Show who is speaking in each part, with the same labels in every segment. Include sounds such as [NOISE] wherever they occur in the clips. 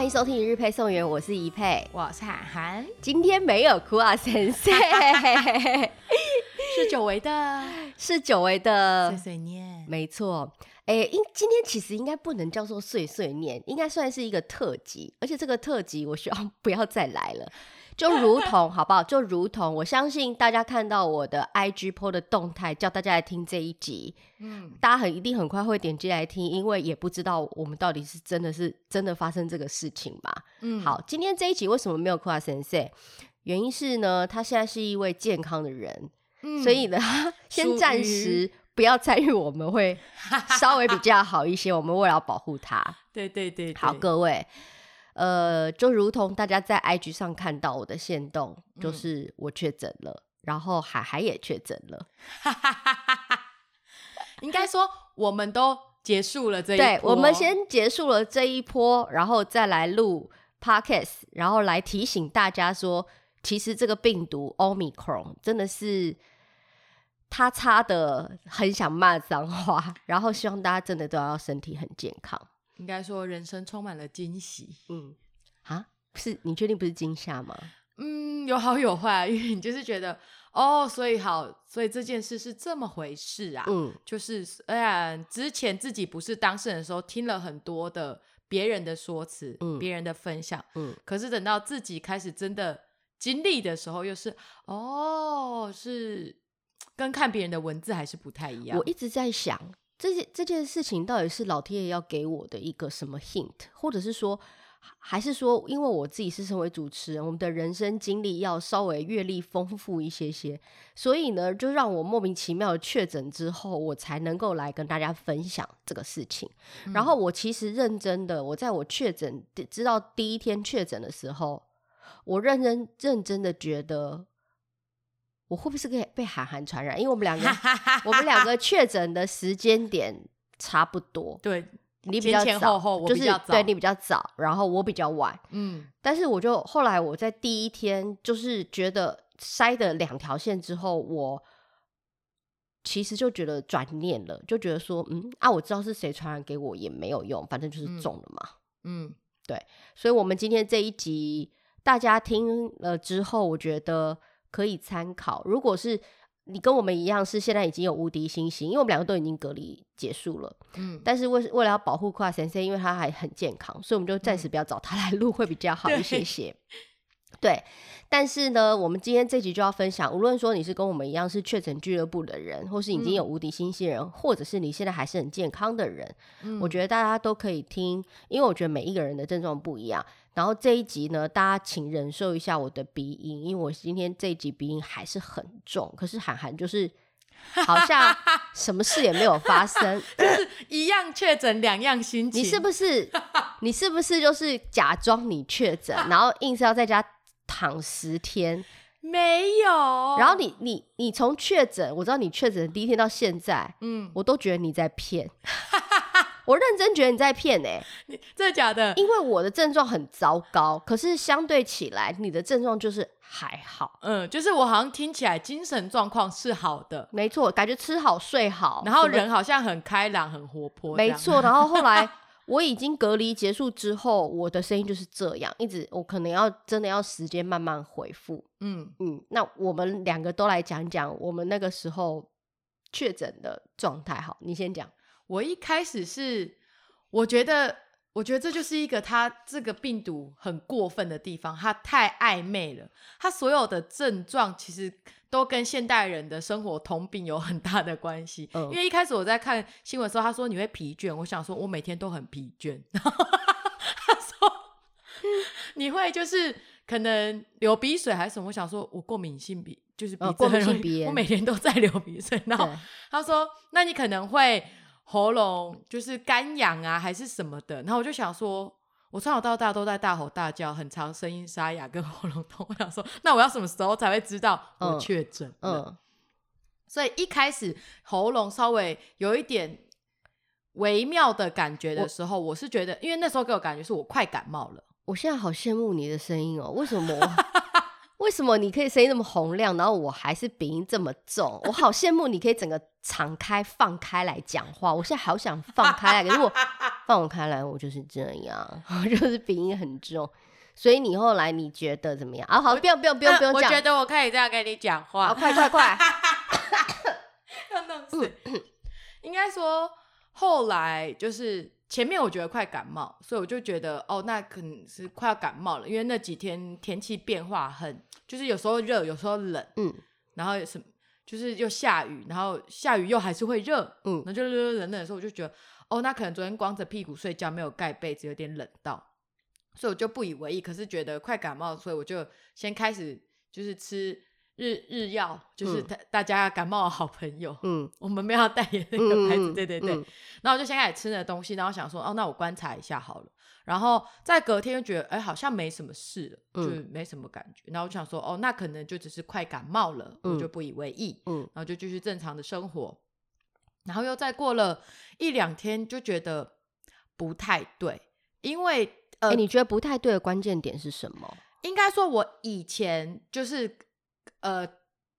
Speaker 1: 歡迎收聽日配送員，我是怡霈，我是涵涵。今天沒有哭啊，先生 [LAUGHS] [LAUGHS] 是久違的，是久違的碎碎念，沒錯。哎，應今天其實應該不能叫做碎碎念，應該算是一個特輯，而且這個特輯我希望不要再來了。 [LAUGHS] 就如同好不好？就如同我相信大家看到我的 IG p o 的動態，叫大家來聽這一集，嗯，大家很一定很快會點進來聽，因為也不知道我們到底是真的是真的發生這個事情嘛，嗯，好，今天這一集為什麼沒有跨拉森先生？原因是呢，他現在是一位健康的人，所以呢，先暫時不要參與，我們會稍微比較好一些，我們為了保護他，
Speaker 2: 對對對，好，各位。
Speaker 1: 呃，就如同大家在 IG 上看到我的限動，嗯、就是我確診了，然後涵涵也確診了，哈哈哈哈，應該說我們都結束
Speaker 2: 了這一波。對，我們
Speaker 1: 先結束了這一波，然後再來錄 Podcast，然後來提醒大家說，其實這個病毒 Omicron 真的是他差的，很想罵髒話，然後希望大家真的都要身體很健康。
Speaker 2: 應該說，人生充滿了驚喜。嗯，
Speaker 1: 啊，是你確定不是驚嚇嗎？
Speaker 2: 嗯，有好有壞、啊，因為你就是覺得，哦，所以好，所以這件事是這麼回事啊。嗯，就是雖然、哎、之前自己不是當事人的時候，聽了很多的別人的說辭，嗯、別人的分享，嗯，可是等到自己開始真的經歷的時候，又是哦，是跟看別人的文字還是不太一樣。我一
Speaker 1: 直在想，這件這件事情到底是老天爺要給我的一個什麼 hint，或者是說，還是說，因為我自己是身為主持人，我們的人生經歷要稍微閱歷豐富一些些，所以呢，就讓我莫名其妙的確診之後，我才能夠來跟大家分享這個事情。嗯、然後我其實認真的，我在我確診，知道第一天確診的時候，我認真認真的覺得。我會不會是被被涵涵傳染？因為我們兩個， [LAUGHS] 我們兩個確診的時間點差不多。對，你比較早，就是對你比較早，然後我比較晚。嗯，但是我就後來我在第一天就是覺得篩的兩條線之後，我其實就覺得轉念了，就覺得說，嗯啊，我知道是誰傳染給我也，也沒有用，反正就是中了嘛。嗯，嗯對，所以我們今天這一集大家聽了之後，我覺得。可以參考。如果是你跟我們一樣，是現在已經有無敵星星，因為我們兩個都已經隔離結束了，嗯，但是為為了要保護跨先生，因為他還很健康，所以我們就暫時不要找他來錄、嗯、會比較好一些些。對，對，但是呢，我們今天這集就要分享，無論說你是跟我們一樣是確診俱樂部的人，或是已經有無敵星星人，嗯、或者是你現在還是很健康的人，嗯、我覺得大家都可以聽，因為我覺得每一個人的症狀不一樣。然後這一集呢，大家請忍受一下我的鼻音，因為我今天這一集鼻音還是很重。可是涵涵就是好像什麼事也沒有發生， [LAUGHS] 一樣確診，兩樣心情。 [LAUGHS] 你是不是？你是不是就是假裝你確診， [LAUGHS] 然後硬是要在家躺十天？
Speaker 2: 沒有。然後你
Speaker 1: 你你從確診，我知道你確診的第一天到現在，嗯，我都覺得你在騙。 [LAUGHS] 我認真覺得你在騙哎、欸，你真的假的？因為我的症狀很糟糕，可是相對起來，你的症狀就是還好。
Speaker 2: 嗯，就是我好像聽起來精神狀況是
Speaker 1: 好的，沒錯，感覺吃好睡好，然後人好
Speaker 2: 像很開朗、很活潑。沒錯，然後後
Speaker 1: 來我已經隔離結束之後， [LAUGHS] 我的聲音就是這樣，一直我可能要真的要時間慢慢恢復。嗯嗯，那我們兩個都來講講我們那個時候確診的狀態。好，你先講。我一開始是，
Speaker 2: 我覺得，我覺得這就是一個他這個病毒很過分的地方，他太曖昧了。他所有的症狀其實都跟現代人的生活通病有很大的關係。呃、因為一開始我在看新聞的時候，他說你會疲倦，我想說我每天都很疲倦。他說、嗯、你會就是可能流鼻水還是什麼，我想說我過敏性鼻，就是鼻、呃、過敏性鼻炎，我每天都在流鼻水。然後他說，對那你可能會。喉嚨就是乾癢啊，還是什麼的。然後我就想說，我從小到大都在大吼大叫，很常、聲音沙啞，跟喉嚨痛。我想說，那我要什麼時候才會知道我確診？嗯，嗯。所以一開始喉嚨稍微有一點微妙的感覺的時候，我，我是覺得，因為那時候給我感覺是我快感冒了。
Speaker 1: 我現在好羨慕你的聲音哦！為什麼？ [LAUGHS] 為什麼你可以聲音那麼洪亮，然後我還是鼻音這麼重？ [LAUGHS] 我好羨慕你可以整個敞開放開來講話，我現在好想放開來，如果放我開來，我就是這樣，就是鼻音很重。所以你後來你覺得怎麼樣？啊、哦，好，我不用不用不用不用講。我覺
Speaker 2: 得我可以這樣跟你講話。快快快！要
Speaker 1: 弄應該說後來就是。
Speaker 2: 前面我覺得快感冒，所以我就覺得哦，那可能是快要感冒了，因為那幾天天氣變化很，就是有時候熱，有時候冷，嗯，然後什麼，就是又下雨，然後下雨又還是會熱，嗯，然後就冷冷冷的時候，所以我就覺得哦，那可能昨天光着屁股睡覺沒有蓋被子，有點冷到，所以我就不以為意，可是覺得快感冒，所以我就先開始就是吃。日日藥就是大、嗯、大家感冒的好朋友，嗯，我們沒有代言那個牌子，嗯、對對對。嗯嗯、然後我就先開始吃那東西，然後想說，哦，那我觀察一下好了。然後在隔天又覺得，哎、欸，好像沒什麼事了，嗯、就沒什麼感覺。然後我想說，哦，那可能就只是快感冒了，我就不以為意，嗯，嗯然後就繼續正常的生活。然後又再過了一兩天，就覺得
Speaker 1: 不太對，
Speaker 2: 因為，哎、呃欸，你
Speaker 1: 覺得不太對的關鍵點是什麼？
Speaker 2: 應該說，我以前就是。呃，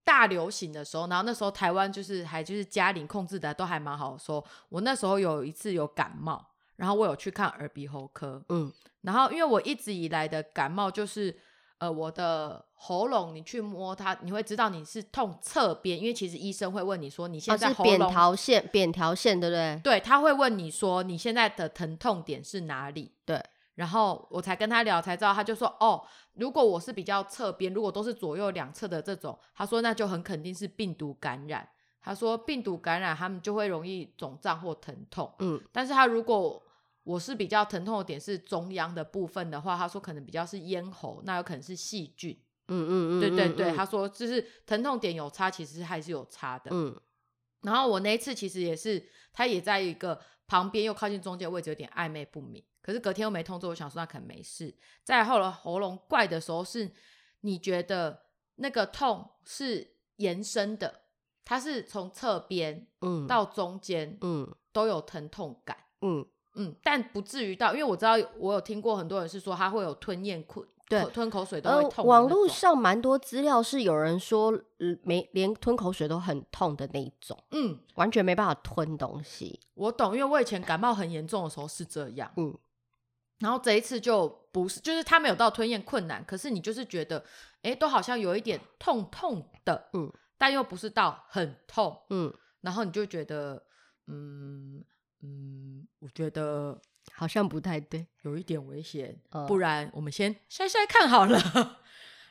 Speaker 2: 大流行的時候，然後那時候台灣就是還就是加零控制的都還蠻好。說我那時候有一次有感冒，然後我有去看耳鼻喉科，嗯，然後因為我一直以來的感冒就是，呃，我的喉嚨你去摸它，你會知道你是痛側邊，因為其實醫生
Speaker 1: 會問你說你現在喉嚨、啊、扁桃腺扁桃腺對不對？對，他會問你說你
Speaker 2: 現在的疼痛點是哪裡？對。然後我才跟他聊，才知道他就說哦，如果我是比較側邊，如果都是左右兩側的這種，他說那就很肯定是病毒感染。他說病毒感染他們就會容易腫脹或疼痛。嗯，但是他如果我是比較疼痛的點是中央的部分的話，他說可能比較是咽喉，那有可能是細菌。嗯
Speaker 1: 嗯嗯，嗯嗯對對對，他
Speaker 2: 說就是疼痛點有差，其實還是有差的。嗯，然後我那一次其實也是，他也在一個。旁邊又靠近中間的位置有點曖昧不明，可是隔天又沒痛，我想說那可能沒事。再來後來喉嚨怪的時候，是你覺得那個痛是延伸的，它是從側邊到中間都有疼痛感，嗯，但不至於到，因為我知道我有聽過很多人是說他會有吞咽困。對，吞口水都會痛，呃。網絡
Speaker 1: 上蠻多資料是有人說、呃、沒連吞口水都很痛的那一種，嗯，完全沒辦法吞東西。
Speaker 2: 我懂，因為我以前感冒很嚴重的時候是這樣，嗯，然後這一次就不是，就是他沒有到吞嚥困難，可是你就是覺得，哎，都好像有一點痛痛的，嗯，但又不是到很痛，嗯，然後你就覺得，嗯嗯，我覺得。好像不太對，有一點危險，呃、不然我們先篩篩看好了。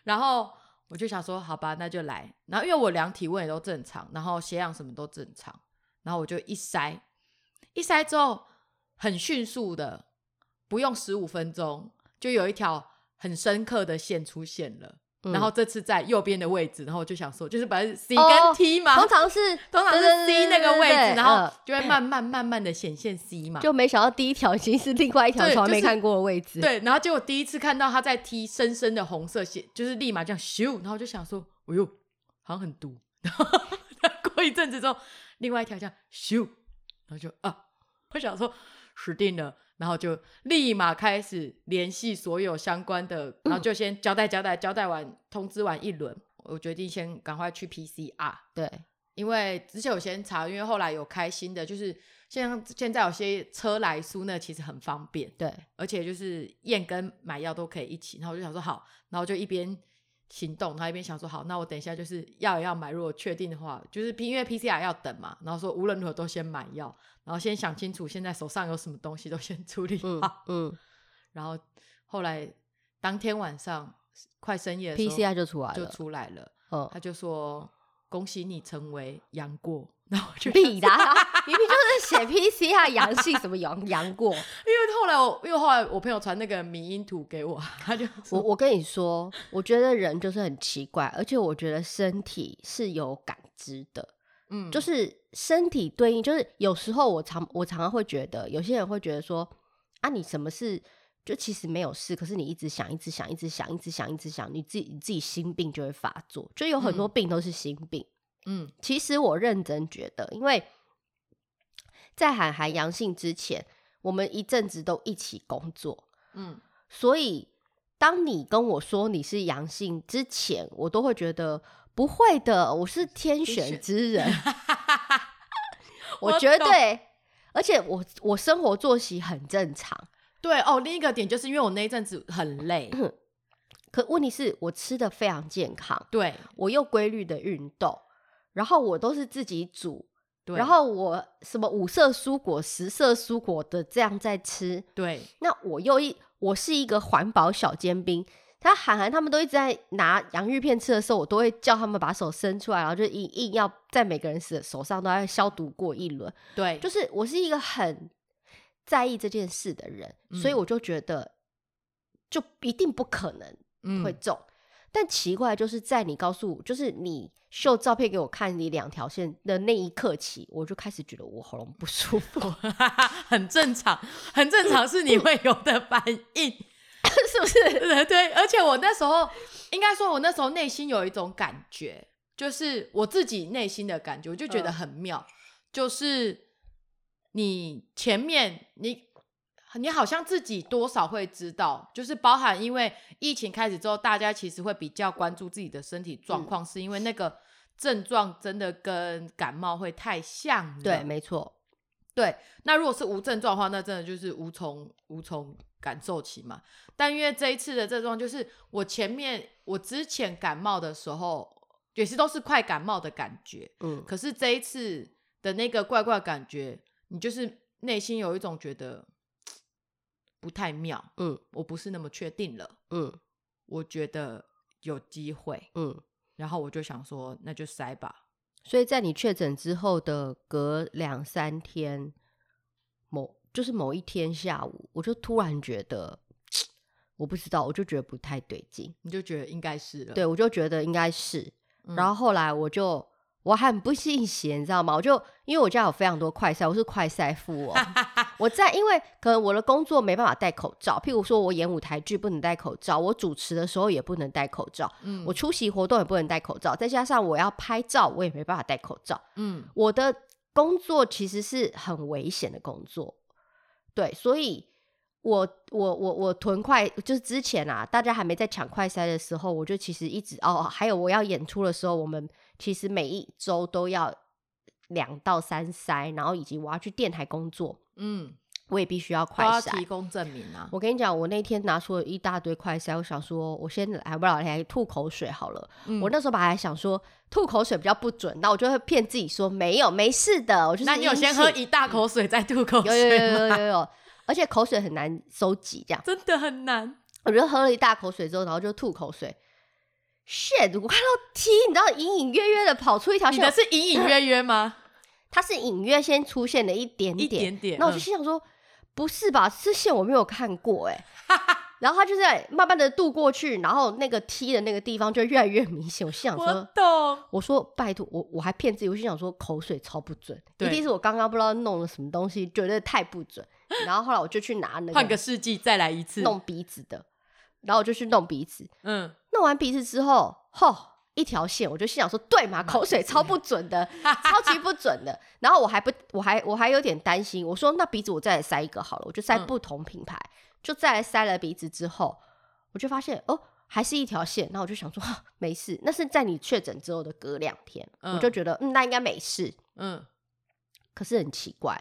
Speaker 2: 然後我就想說，好吧，那就來。然後因為我量體溫也都正常，然後血氧什麼都正常，然後我就一篩。一篩之後，很迅速的，不用十五分鐘，就有一條很深刻的線出現了。嗯、然後這次在右邊的位置，然後我就想說，就是把 C 跟 T 嘛，哦、通常是通常是 C、嗯、那個位置，然後就會慢慢慢慢的顯現 C 嘛，就沒
Speaker 1: 想到第一條其實是另外一條從來沒看過的位置對、就是，
Speaker 2: 對，然後結果第一次看到他在 T 深深的紅色線，就是立馬這樣咻，然後就想說，哎呦，好像很毒。 [LAUGHS] 然後過一陣子之後，另外一條這樣咻，然後就啊，我想說。死定了，然後就立馬開始聯繫所有相關的，然後就先交代交代，嗯、交代完通知完一輪，我決定先趕快去 PCR。對，因為之前我先查，因為後來有開新的，就是現在現在有些車來速呢，其實很方便。對，而且就是驗跟買藥都可以一起，然後我就想說好，然後就一邊。行動，他一邊想說好，那我等一下就是要要買，如果確定的話，就是 P 因為 PCR 要等嘛，然後說無論如何都先買藥，然後先想清楚現在手上有什麼東西都先處理、嗯、好，嗯，然後後來當天晚上
Speaker 1: 快深夜的時候，PCR 就出來了，就出
Speaker 2: 來了，嗯、他就說恭喜你成為楊過，那我就必
Speaker 1: 答壁的。 [LAUGHS] 明明就是寫 PCR 陽性什麼陽
Speaker 2: 陽過， [LAUGHS] 因為後來我因為後來我朋友傳那個迷因圖給我，他就我我
Speaker 1: 跟你說，我覺得人就是很奇怪，而且我覺得身體是有感知的，嗯，就是身體對應，就是有時候我常我常常會覺得，有些人會覺得說啊，你什麼事就其實沒有事，可是你一直想，一直想，一直想，一直想，一直想，你自己你自己心病就會發作，就有很多病都是心病，嗯，嗯其實我認真覺得，因為。在涵涵陽性之前，我們一陣子都一起工作，嗯，所以當你跟我說你是陽性之前，我都會覺得不會的，我是天選之人，哈哈哈
Speaker 2: 哈 [LAUGHS] 我絕對，
Speaker 1: 我懂 而且我我生活作息很正常，對哦，另一個點就是因為我那一陣子很累，嗯，可問題是我吃的非常健康，對我又規律的運動，然後我都是自己煮。對然後我什麼五色蔬果，十色蔬果的這樣在吃，對。那我又一，我是一個環保小尖兵。他涵涵他們都一直在拿洋芋片吃的時候，我都會叫他們把手伸出來，然後就硬硬要在每個人手手上都要消毒過一輪。對，就是我是一個很在意這件事的人，嗯、所以我就覺得就一定不可能會中。嗯但奇怪，就是在你告訴，就是你秀照片給我看，你兩條線的那一刻起，我就開始覺得我喉嚨不舒服， [LAUGHS] 很正常，很正常，是你會有的反應， [LAUGHS] 是不是？對，而且我那
Speaker 2: 時候，應該說，我那時候內心有一種感覺，就是我自己內心的感覺，我就覺得很妙，呃、就是你前面你。你好像自己多少會知道，就是包含因為疫情開始之後，大家其實會比較關注自己的身體狀況，嗯、是因為那個症狀真的跟感冒會太像的。對，沒錯。對，那如果是無症狀的話，那真的就是無從無從感受起嘛。但因為這一次的症狀，就是我前面我之前感冒的時候，也是都是快感冒的感覺。嗯、可是這一次的那個怪怪的感覺，你就是內心有一種覺得。不太妙，嗯，我不是那麼確定了，嗯，我覺得有機會，嗯，然後我就想說，那就篩吧。
Speaker 1: 所以在你確診之後的隔兩三天，某就是某一天下午，我就突然覺得，我不知道，我就覺得不太對勁，
Speaker 2: 你就覺得應該是了，對，我
Speaker 1: 就覺得應該是。嗯、然後後來我就我很不信邪，你知道嗎？我就因為我家有非常多快篩，我是快篩富哦。 [LAUGHS] 我在因為可能我的工作沒辦法戴口罩，譬如說我演舞台劇不能戴口罩，我主持的時候也不能戴口罩，嗯，我出席活動也不能戴口罩，再加上我要拍照，我也沒辦法戴口罩，嗯，我的工作其實是很危險的工作，對，所以我我我我囤快就是之前啊，大家還沒在搶快篩的時候，我就其實一直哦，還有我要演出的時候，我們其實每一周都要兩到三篩，然後以及我要去電台工作。嗯，我也必須要快篩，要提
Speaker 2: 供證明啊！我
Speaker 1: 跟你講，我那天拿出了一大堆快篩，我想說我來，我先還不知道吐口水好了。嗯、我那時候本來想說吐口水比較不準，那我就會騙自己說沒有，沒事的。我就那你有先喝一大口水再吐口水，嗯。有有有有有有，有，有， [LAUGHS] 而且口水很難收集，這樣真
Speaker 2: 的很難。
Speaker 1: 我覺得喝了一大口水之後，然後就吐口水，shit！我看到 T，你知道，隱隱約約的跑出一條線，你的是隱隱約約，約嗎？ [LAUGHS] 他是隱約先出現了一點點，一點點，然後我就心想說，嗯、不是吧？這線我沒有看過哎。 [LAUGHS] 然後他就在慢慢的度過去，然後那個 T 的那個地方就越來越明顯。我心想說，我懂我說拜托，我我還騙自己，我心想說口水超不準，對一定是我剛剛不知道弄了什麼東西，覺得太不準。 [LAUGHS] 然後後來我就去拿那個，換個世紀再來一次弄鼻子的，然後我就去弄鼻子。嗯，弄完鼻子之後，嚯！一條線，我就心想說，對嘛，口水超不準的， [LAUGHS] 超級不準的。然後我還不，我還，我還有點擔心。我說，那鼻子我再來塞一個好了，我就塞不同品牌，嗯、就再來塞了鼻子之後，我就發現哦，還是一條線。那我就想說，沒事，那是在你確診之後的隔兩天，嗯、我就覺得嗯，那應該沒事。嗯，可是很奇怪，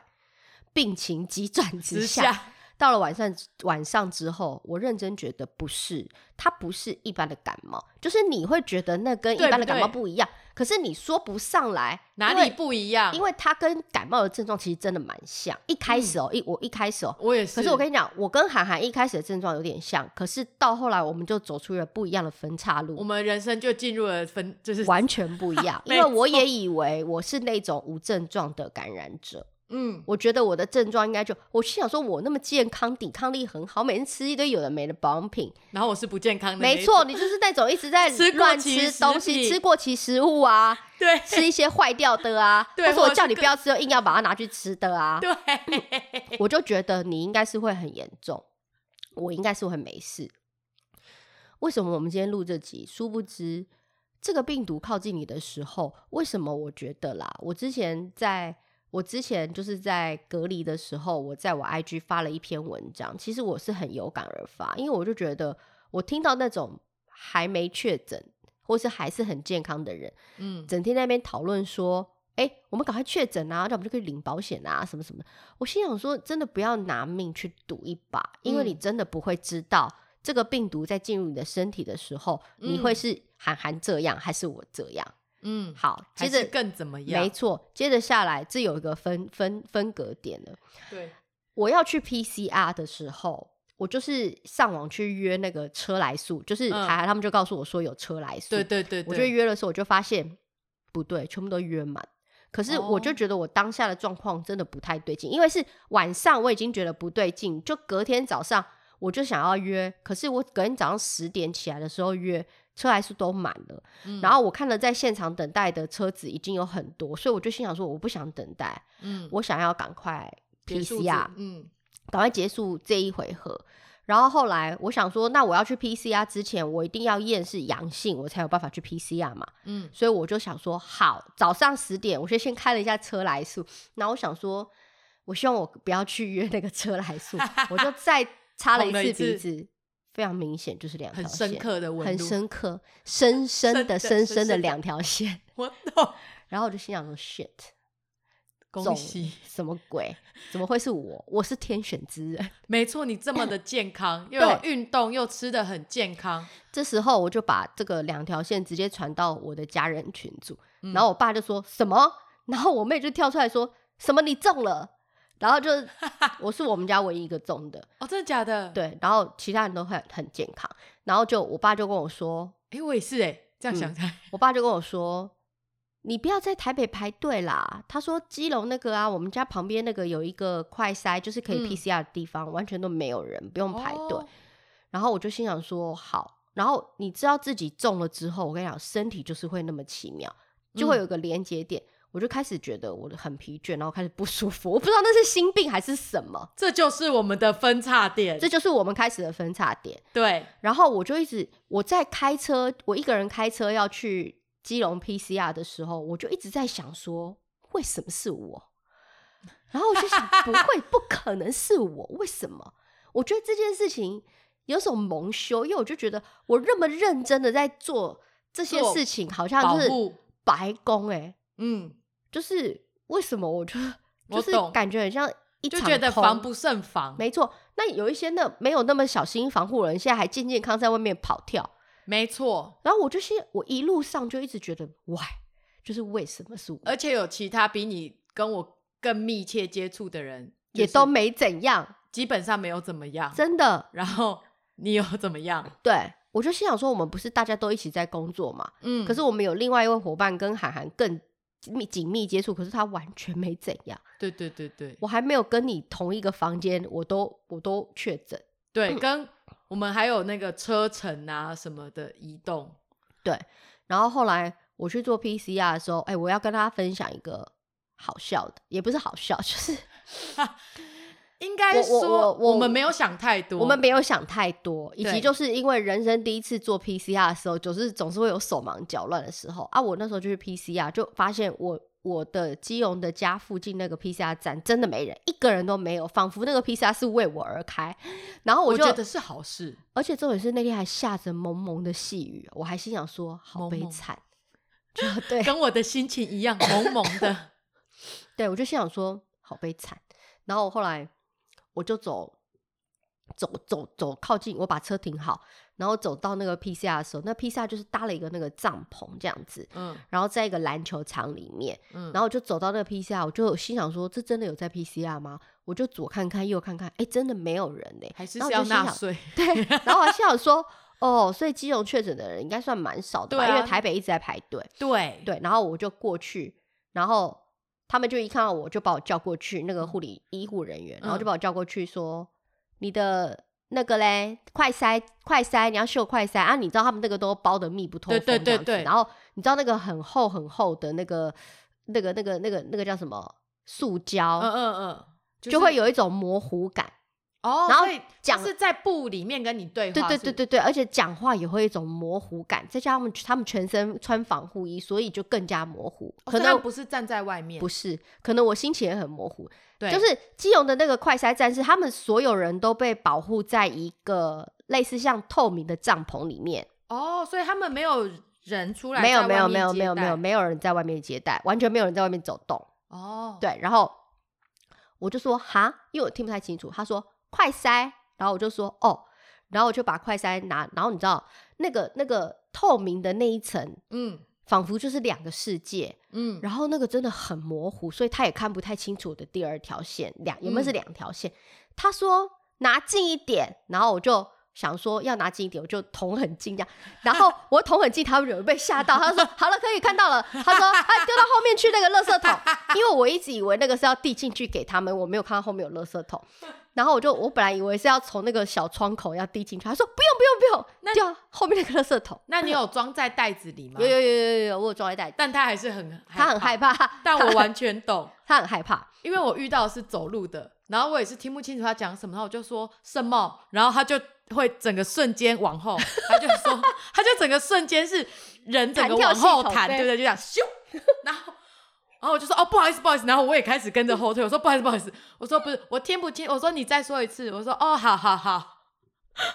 Speaker 1: 病情急轉直下。到了晚上，晚上之後，我認真覺得不是，它不是一般的感冒，就是你會覺得那跟一般的感冒不一樣，對對，可是你說不上來，哪裡不一樣，因，因為它跟感冒的症狀其實真的蠻像。一開始哦、喔，嗯、一我一開始哦、喔，我也是。可是我跟你講，我跟涵涵一開始的症狀有點像，可是到後來我們就走出了不一樣的分岔路。我們人生就進入了分，就是完全不一樣。哈因為我也以為我是那種無症狀的感染者。嗯，我覺得我的症狀應該就我心想說，我那麼健康，抵抗力很好，每天吃一堆有的沒的保養品，然後我是不健康的。沒錯，你就是那種一直在亂， [LAUGHS] 吃過期食物啊、亂吃東西、吃過期食物啊，對吃一些壞掉的啊，但是對我叫你不要吃，又硬要把它拿去吃的啊。對、嗯，我就覺得你應該是會很嚴重，我應該是會沒事。為什麼我們今天錄這集？殊不知，這個病毒靠近你的時候，為什麼我覺得啦？我之前在。我之前就是在隔離的時候，我在我 IG 發了一篇文章。其實我是很有感而發，因為我就覺得我聽到那種還沒確診，或是還是很健康的人，嗯，整天在那邊討論說，哎、欸，我們趕快確診啊，這樣我們就可以領保險啊，什麼什麼的。我心想說，真的不要拿命去賭一把，因為你真的不會知道這個病毒在進入你的身體的時候，你會是涵涵這樣，還是我這樣。嗯，好，接着更
Speaker 2: 怎麼樣？沒錯，
Speaker 1: 接着下來，這有一個分分分隔點了。對，我要去 PCR 的時候，我就是上網去約那個車來速，就是還好他們就告訴我說有車來速。嗯、對，對對對，我就約的時候，我就發現不對，全部都約滿。可是我就覺得我當下的狀況真的不太對勁，哦、因為是晚上我已經覺得不對勁，就隔天早上我就想要約，可是我隔天早上十點起來的時候約。車來速都滿了，嗯、然後我看了在現場等待的車子已經有很多，所以我就心想說我不想等待，嗯、我想要趕快 PCR，
Speaker 2: 嗯，
Speaker 1: 趕快結束這一回合。然後後來我想說，那我要去 PCR 之前，我一定要驗是陽性，我才有辦法去 PCR 嘛，嗯，所以我就想說好，早上十點我就先開了一下車來速，然後我想說，我希望我不要去約那個車來速， [LAUGHS] 我就再擦了一次鼻子。哦非常明顯，就是兩條線，很深刻的紋，很深刻，深深的、深深的兩條線。然後我就心想說：“shit，恭喜什麼鬼？怎麼會是我？我是天選之人。”
Speaker 2: 沒錯，你這麼的健康， [COUGHS] 又運動，對又吃得很健
Speaker 1: 康。這時候我就把這個兩條線直接傳到我的家人群組，嗯、然後我爸就說什麼，然後我妹就跳出來說：“什麼？你中了？”然後就是，我是我們家唯一一個中的 [LAUGHS] 哦，真的假的？對，然後其他人都很很健康。然後就我爸就跟我說：“哎、欸，我也是哎、欸，這樣想的。嗯” [LAUGHS] 我爸就跟我說：“你不要在台北排隊啦。”他說：“基隆那個啊，我們家旁邊那個有一個快篩，就是可以 PCR 的地方，嗯、完全都沒有人，不用排隊。哦”然後我就心想說：“好。”然後你知道自己中了之後，我跟你講，身體就是會那麼奇妙，
Speaker 2: 就會有一個
Speaker 1: 連接點。嗯我就開始覺得我很疲倦，然後開始不舒服。我不知道那是心病還是什麼。這就是
Speaker 2: 我們的分叉點，這就
Speaker 1: 是我們開始的分叉點。對。然後我就一直我在開車，我一個人開車要去基隆 PCR 的時候，我就一直在想說，為什麼是我？然後我就想，不會，不可能是我，為什麼？ [LAUGHS] 我覺得這件事情有種蒙羞，因為我就覺得我那麼認真的在做這些事情，好像就是白工哎、欸，嗯。就是為什麼我就，我懂就是感覺很像一場空，就覺得防不勝防。沒錯，那有一些那沒有那麼小心防護的人，現在還健健康，在外面跑跳。沒錯錯。然後我就是我一路上就一直覺得，why？就是為什麼是我？而且
Speaker 2: 有其他比你跟我更密切接觸的人，也都
Speaker 1: 沒怎樣，
Speaker 2: 基本上沒有怎麼樣，真的。然後你有怎麼樣？
Speaker 1: 對，我就心想說，我們不是大家都一起在工作嘛？嗯。可是我們有另外一位伙伴跟涵涵更。密緊密接觸，可是他完全沒怎樣。
Speaker 2: 對對對對，我
Speaker 1: 還沒有跟你同一個房間，我都我都確診。對，嗯、跟
Speaker 2: 我們還有那個車程啊什麼的
Speaker 1: 移動。對，然後後來我去做 PCR 的時候，哎、欸，我要跟他分享一個好笑的，也不是好笑，就是。 [LAUGHS] [LAUGHS] 應該說，我，我，我，我，我們沒有想太多，我們沒有想太多，對 以及就是因為人生第一次做 PCR 的時候，就是總是會有手忙腳亂的時候啊。我那時候就去 PCR，就發現我我的基隆的家附近那個 PCR 站真的沒人，一個人都沒有，仿佛那個 PCR 是為我而開。然後我，就我覺得是好事，而且重點是那天還下着濛濛的細雨，我還心想說好悲慘，萌萌 就對，跟我的心情一樣濛濛的。 [LAUGHS] [LAUGHS] 對，我就心想說好悲慘，然後後來。我就走，走走走靠近，我把車停好，然後走到那個 PCR 的時候，那 PCR 就是搭了一個那個帳篷這樣子，嗯，然後在一個籃球場裡面，嗯，然後我就走到那個 PCR，我就心想說，這真的有在 PCR 嗎？我就左看看右看看，哎，真的沒有人呢。還是要納稅？然後我就心想，對， [LAUGHS] 然後我還心想說，哦，所以基隆確診的人應該算蠻少的吧，對啊，因為台北一直在排隊，對對，然後我就過去，然後。他們就一看到我就把我叫過去，那個護理醫護人員，然後就把我叫過去說：“你的那個嘞，快塞，快塞，你要秀，快塞。”啊，你知道他們那個都包得密不透風，對對對對。然後你知道那個很厚很厚的那個那個那個那個那個，那個，那個叫什麼塑膠？嗯嗯嗯，就會有一種模糊感。
Speaker 2: 哦，oh, 然後講是在布裡面跟你對話，是是，對對對
Speaker 1: 對對，而且講話也會有一種模糊感，再加上他們他們全身穿防護衣，所以就更加模糊。Oh, 可能不
Speaker 2: 是站在外面，不
Speaker 1: 是，可能我心情也很模糊。對，就是基隆的那個快篩站，他們所有人都被保護在一個類似像透明的帳篷裡面。
Speaker 2: 哦，oh, 所以他們沒有人出來？沒有，沒有沒有沒有沒有
Speaker 1: 沒有沒有人在外面接待，完全沒有人在外面走動。哦，oh. 對，然後我就說哈，因為我聽不太清楚，他說。快篩，然後我就說哦，然後我就把快篩拿，然後你知道那個那個透明的那一層，嗯，仿佛就是兩個世界，嗯，然後那個真的很模糊，所以他也看不太清楚我的第二條線，兩，有沒有是兩條線？嗯，他說拿近一點，然後我就。想說要拿近一點，我就捅很近，這樣。然後我捅很近，他們有被嚇到。他說：“好了，可以看到了。”他說：“他丟到後面去那個垃圾桶，因為我一直以為那個是要遞進去給他們，我沒有看到後面有垃圾桶。然後我就，我本來以為是要從那個小窗口要遞進去。他說：“不用，不用，不用，丟那 後面那個垃圾桶。”那你有裝在袋子裡嗎？ [LAUGHS] 有有有有有，我有裝在袋子，但他還是很害怕，他很害怕。但
Speaker 2: 我完全懂，他很，他很害怕，因為我遇到的是走路的，然後我也是聽不清楚他講什麼，然後我就說什麼，然後他就。會整個瞬間往後，他就說， [LAUGHS] 他就整個瞬間是人整個往後彈，彈跳系統，對,對不對？就這樣，咻，然後，然後我就說，哦，不好意思，不好意思，然後我也開始跟着後退，我說，不好意思，不好意思，我說不是，我聽不清，我說你再說一次，我說，哦，好好好，好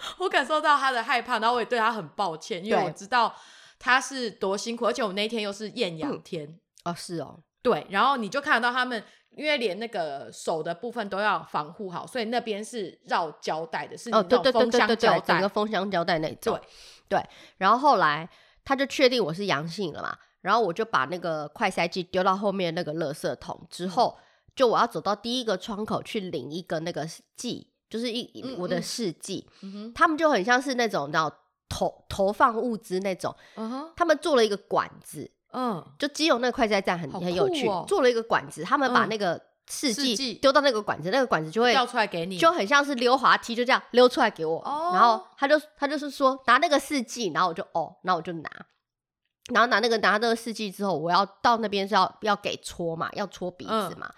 Speaker 2: [LAUGHS] 我感受到他的害怕，然後我也對他很抱歉，對因為我知道他是多辛苦，而且我那天又是豔陽天，
Speaker 1: 嗯、哦，是哦。
Speaker 2: 對，然後你就看到他們，因為連那個手的部分都要防護好，所以那邊是繞膠帶的，是那種封箱膠帶，哦、對對對對對整
Speaker 1: 個封箱膠帶那種。對，對，然後後來他就確定我是陽性了嘛，然後我就把那個快篩劑丟到後面那個垃圾桶之後，嗯、就我要走到第一個窗口去領一個那個劑，就是一嗯嗯我的試劑。嗯、哼他們就很像是那種，你知道投投放物資那種，嗯、哼他們做了一個管子。嗯，就基有那個快篩站很、哦、很有趣，做了一個管子，他們把那個試劑丟到那個管子，嗯、那個管子就會掉出來給你，就很像是溜滑梯，就這樣溜出來給我。哦、然後他就他就是說拿那個試劑，然後我就哦，那我就拿，然後拿那個拿那個試劑之後，我要到那邊是要要給搓嘛，要搓鼻子嘛。嗯、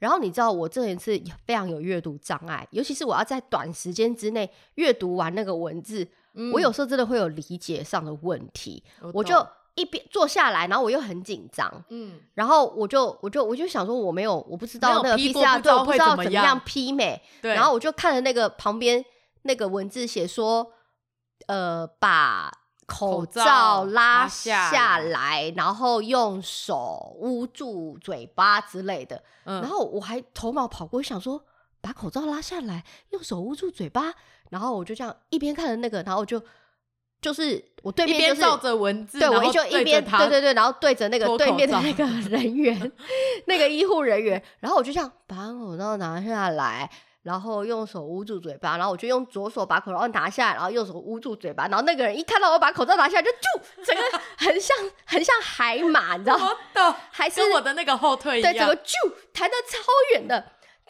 Speaker 1: 然後你知道我這一次非常有閱讀障礙，尤其是我要在短時間之內閱讀完那個文字，嗯、我有時候真的會有理解上的問題，嗯、我就。一邊坐下來，然後我又很緊張，嗯，然後我就我就我就想說，我沒有，我不知道那個 P C R 我不知道怎麼樣，P 美，對然後我就看了那個旁邊那個文字寫說，呃，把口罩拉下來，然後用手捂住嘴巴之類的，嗯，然後我還頭腦跑過想說，把口罩拉下來，用手捂住嘴巴，然後我就這樣一邊看了那個，然後我就。就是我對面就是照著文字，對，我就一邊對對對，然後對着那個對面的那個人員， [LAUGHS] 那個醫護人員，然後我就這樣把口罩拿下來，然後用手捂住嘴巴，然後我就用左手把口罩拿下來，然後右手捂住嘴巴，然後那個人一看到我把口罩拿下來就啾，就就整個很像很像海馬，你知道嗎？還是 [LAUGHS] 跟我的那個後退，對，整個就彈得超遠的，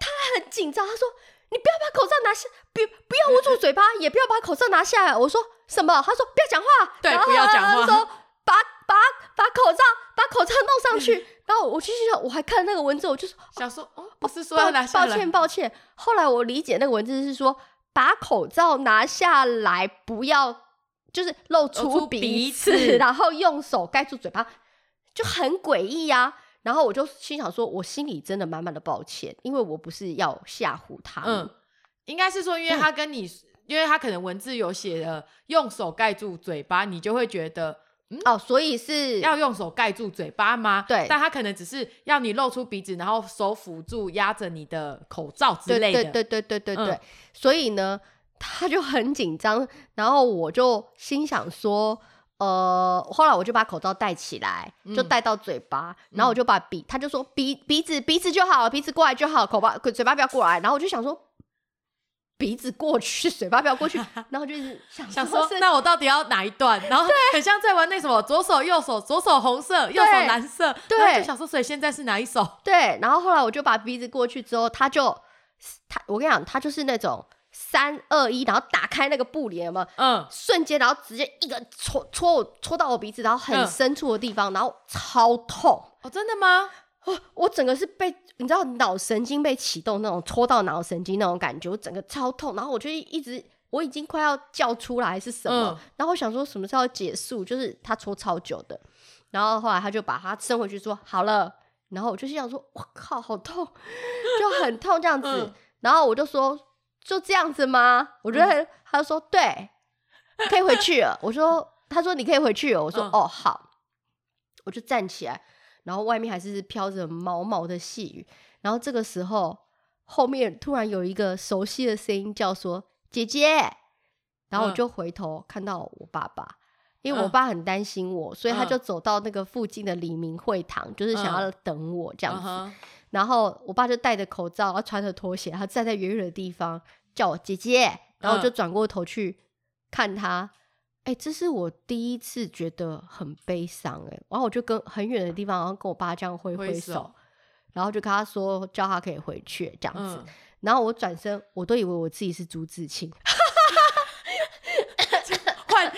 Speaker 1: 他很緊張，他說。你不要把口罩拿下，不不要捂住嘴巴，嗯、也不要把口罩拿下來。我說什麼？他說不要講話，對，不要講話。他說把把把口罩，把口罩弄上去。嗯、然後我繼續想，我還看了那個文字，我就想說，說哦，哦不是說要拿下來。抱，抱歉，抱歉。後來我理解那個文字是說把口罩拿下來，不要就是露出鼻子，然後用手蓋住嘴巴，就很詭異呀。然後我就心想說，我心裡真的滿滿的抱歉，因為我不是要嚇唬他。嗯，
Speaker 2: 應該是說，因為他跟你，嗯、因為他可能文字有寫了，用手蓋住嘴巴，你就會覺得，嗯、哦，所以是要用手蓋住嘴巴嗎？對，但他可能只是要你露出鼻子，然後手扶住壓着你的口罩之類的。對
Speaker 1: 對對對對對。所以呢，他就很緊張，然後我就心想說。呃，後來我就把口罩戴起來，嗯、就戴到嘴巴，嗯、然後我就把鼻，他就說鼻鼻子、鼻子就好，鼻子過來就好，口巴嘴巴不要過來，然後我就想說鼻子過去，嘴巴不要過去， [LAUGHS] 然後就是
Speaker 2: 想說，是想說那我到底要哪一段？然後很像在玩那什麼左手右手，左手紅色，右手藍色，對，就想
Speaker 1: 說所以現在是哪一手？對，然後後來我就把鼻子過去之後，他就他我跟你講，他就是那種。三二一，3, 2, 1, 然後打開那個布簾，有沒有？嗯，瞬間，然後直接一個戳戳我，戳到我鼻子，然後很深處的地方，嗯、然後超痛。哦，真的嗎？哦、我整個是被你知道，腦神經被啟動那種，戳到腦神經那種感覺，我整個超痛。然後我就一直，我已經快要叫出來是什麼？嗯、然後我想說什麼時候要結束，就是他戳超久的。然後後來他就把他伸回去說好了。然後我就是想說，我靠，好痛，就很痛這樣子。嗯、然後我就說。就這樣子嗎？我覺得他說、嗯、對，可以回去了。 [LAUGHS] 我說，他說你可以回去了。我說，uh, 哦，好。我就站起來，然後外面還是飄着毛毛的細雨。然後這個時候，後面突然有一個熟悉的聲音叫說：“姐姐。”然後我就回頭看到我爸爸，uh, 因為我爸很擔心我，uh, 所以他就走到那個附近的黎明會堂，uh, 就是想要等我這樣子。Uh huh. 然後我爸就戴着口罩，然後穿着拖鞋，他站在遠遠的地方叫我姐姐，然後我就轉過頭去看他。哎、嗯欸，這是我第一次覺得很悲傷哎。然後我就跟很遠的地方，然後跟我爸這樣揮揮手，揮手然後就跟他說叫他可以回去這樣子。嗯、然後我轉身，我都以為我自己是朱自清，
Speaker 2: 換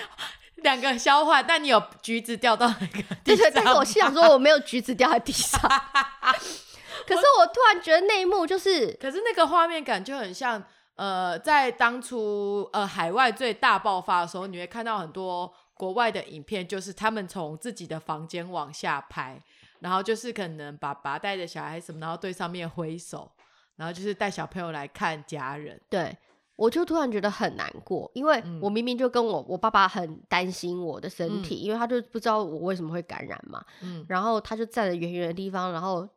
Speaker 2: 兩個消化，但你有橘子掉到那個地上對對，但是我心想說我沒有橘子掉在地上。 [LAUGHS] 可是我突然覺得那一幕就是，可是那個畫面感就很像，呃，在當初呃海外最大爆發的時候，你會看到很多國外的影片，就是他們從自己的房間往下拍，然後就是可能爸爸帶着小孩什麼，然後對上面揮手，然後就是帶小朋友來看家人。
Speaker 1: 對，我就突然覺得很難過，因為我明明就跟我我爸爸很擔心我的身體，嗯，因為他就不知道我為什麼會感染嘛。嗯，然後他就站在遠遠的地方，然後。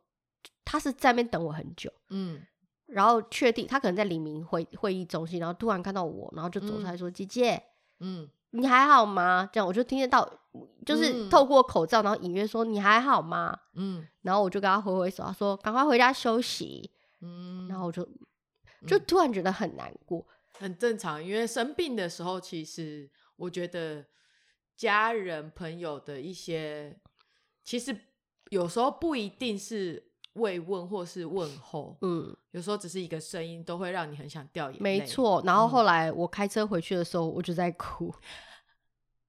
Speaker 1: 他是在那邊等我很久，嗯，然後確定他可能在黎明會會議中心，然後突然看到我，然後就走出來說：“嗯、姐姐，
Speaker 2: 嗯，
Speaker 1: 你還好嗎？”這樣我就聽得到，就是透過口罩，然後隱約說：“你還好嗎？”嗯，然後我就跟他揮揮手，他說：“趕快回家休息。”嗯，然後我就就突然覺得很難過、
Speaker 2: 嗯，很正常，因為生病的時候，其實我覺得家人朋友的一些，其實有時候不一定是。慰問或是問候，嗯，有時候只是一個聲音，都會讓你很想掉眼淚。沒錯，
Speaker 1: 然後後來我開車回去的時候，我就在哭，